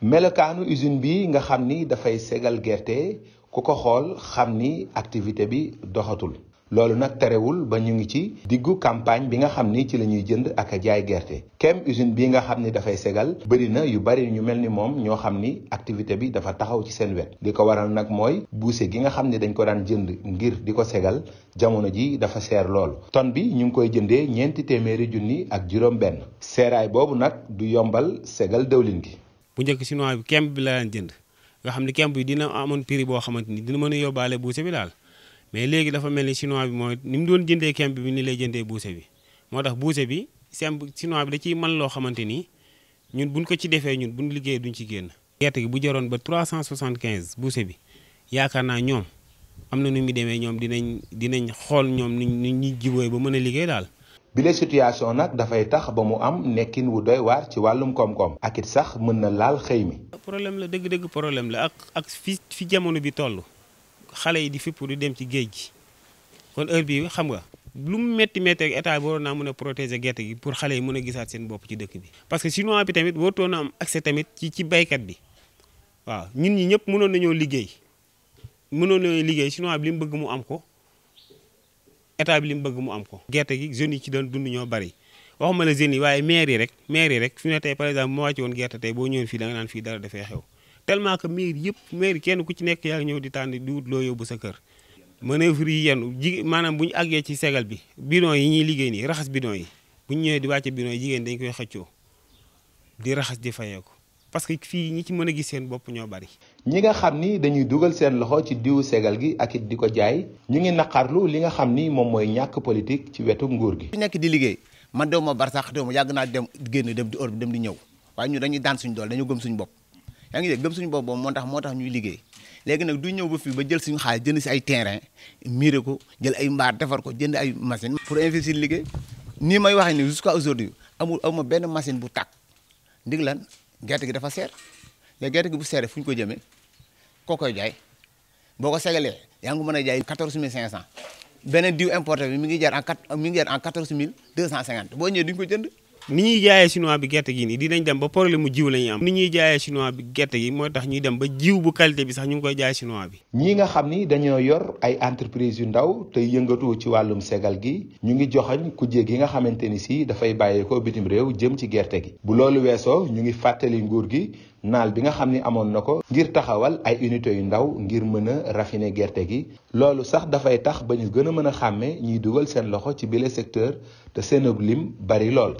melokaanu usine bi nga xam ni dafay segal gerte ku ko xool xam ni activité bi doxatul loolu nag terewul ba ñu ngi ci diggu campagne bi nga xam ni ci la ñuy jënd ak jaay gerte kem usine bi nga xam ni dafay segal bëri na yu bëri ñu mel ni moom ñoo xam ni activité bi dafa taxaw ci seen wet li ko waral nag mooy buuse gi nga xam ni dañ ko daan jënd ngir di ko segal jamono ji dafa seer loolu ton bi ñu ngi koy jëndee ñeenti téeméeri junni ak juróom benn seeraay boobu nag du yombal segal dëwlin gi bu njëkk chinois bi kemb bi la daan jënd nga xam ne kemb bi dina amoon prix boo xamante ni dina mën a yóbbaale buuse bi daal mais léegi dafa mel ni chinois bi mooy ni mu doon jëndee kemb bi ni lay jëndee buuse bi moo tax buuse bi semb chinois bi da ciy mën loo xamante ni ñun buñ ko ci defee ñun bu buñ liggéey duñ ci génn gerte gi bu jaroon ba cent 375 buuse bi yaakaar naa ñoom am na nu muy demee ñoom dinañ dinañ xool ñoom nu ñuy jibooy ba mën a liggéey daal bile situation nag dafay tax ba mu am nekkin wu doy waar ci wàllum koom-koom ak it sax mën na laal xëy mi. problème la dëgg-dëgg problème la ak ak fi fi jamono bi toll xale yi di fipp di dem ci géej gi kon heure bi xam nga. lu mu métti métti ak état bi waroon mën a protéger gerte gi pour xale yi mën a gisaat seen bopp ci dëkk bi. parce que chinois bi tamit warutoon na am accès tamit ci ci baykat bi waaw ñun ñi ñëpp mënoon nañoo liggéey mënoon nañoo liggéey chinois bi li mu bëgg mu am ko. état bi li mu bëgg mu am ko gerte gi jeunes yi ci doon dund ñoo bari waxuma la waaye maire yi rek maire yi rek fi ne tey par exemple moo wàcce woon gerte tey boo ñëwoon fii da nga naan fii dara dafay xew tellement que maire yëpp maire kenn ku ci nekk yaa ngi ñëw di tànn di wut loo yóbbu sa kër manœuvre yi yenn ji maanaam bu ñu àggee ci segal bi bidon yi ñuy liggéey nii raxas bidon yi bu ñëwee di wàcce bidon yi jigéen dañ koy xëccoo di raxas di fayeeku parce que fii ñi ci mën a gis seen bopp ñoo bari. ñi nga xam ni dañuy dugal seen loxo ci diwu segal gi ak di ko jaay ñu ngi naqarlu li nga xam ni moom mooy ñàkk politique ci wetu nguur gi. fi nekk di liggéey man dew ma barsax dew ma yàgg naa dem génn dem di Europe dem di ñëw waaye ñu dañuy daan suñ dool dañoo gëm suñu bopp yaa ngi dégg gëm suñu bopp boobu moo tax moo tax ñuy liggéey léegi nag du ñëw ba fii ba jël suñu xaalis jënd si ay terrain miire ko jël ay mbaar defar ko jënd ay machine pour investir liggéey nii may waxee ni jusqu'à aujourd'hui amul amul benn machine bu tàkk ndig lan gerte gi dafa seer léegi gerte gi bu seeree fu ñu ko jëmee koo koy jaay boo ko segalee yaa ngi mën a jaay 14500 beneen diw importé bi mi ngi jar en 4 mi ngi jar en 14250 boo ñëwee duñ ko jënd. ni ñuy jaayee chinois bi gerte gi nii dinañ dem ba problème mu jiw la am ni ñuy jaayee chinois bi gerte gi mooy tax ñuy dem ba jiw bu qualité bi sax ñu ngi koy jaay chinois bi ñi nga xam ni dañoo yor ay entreprise yu ndaw te yëngatu ci wàllum segal gi ñu ngi ku kujje yi nga xamante ni si dafay bàyyeekoo bitim réew jëm ci gerte gi bu loolu weesoo ñu ngi fàttali nguur gi naal bi nga xam ni amoon na ko ngir taxawal ay unité yu ndaw ngir mën a raffiner gerte gi loolu sax dafay tax ba ñu gën a mën a xàmme ñuy dugal seen loxo ci bile secteur te seen lim bari lool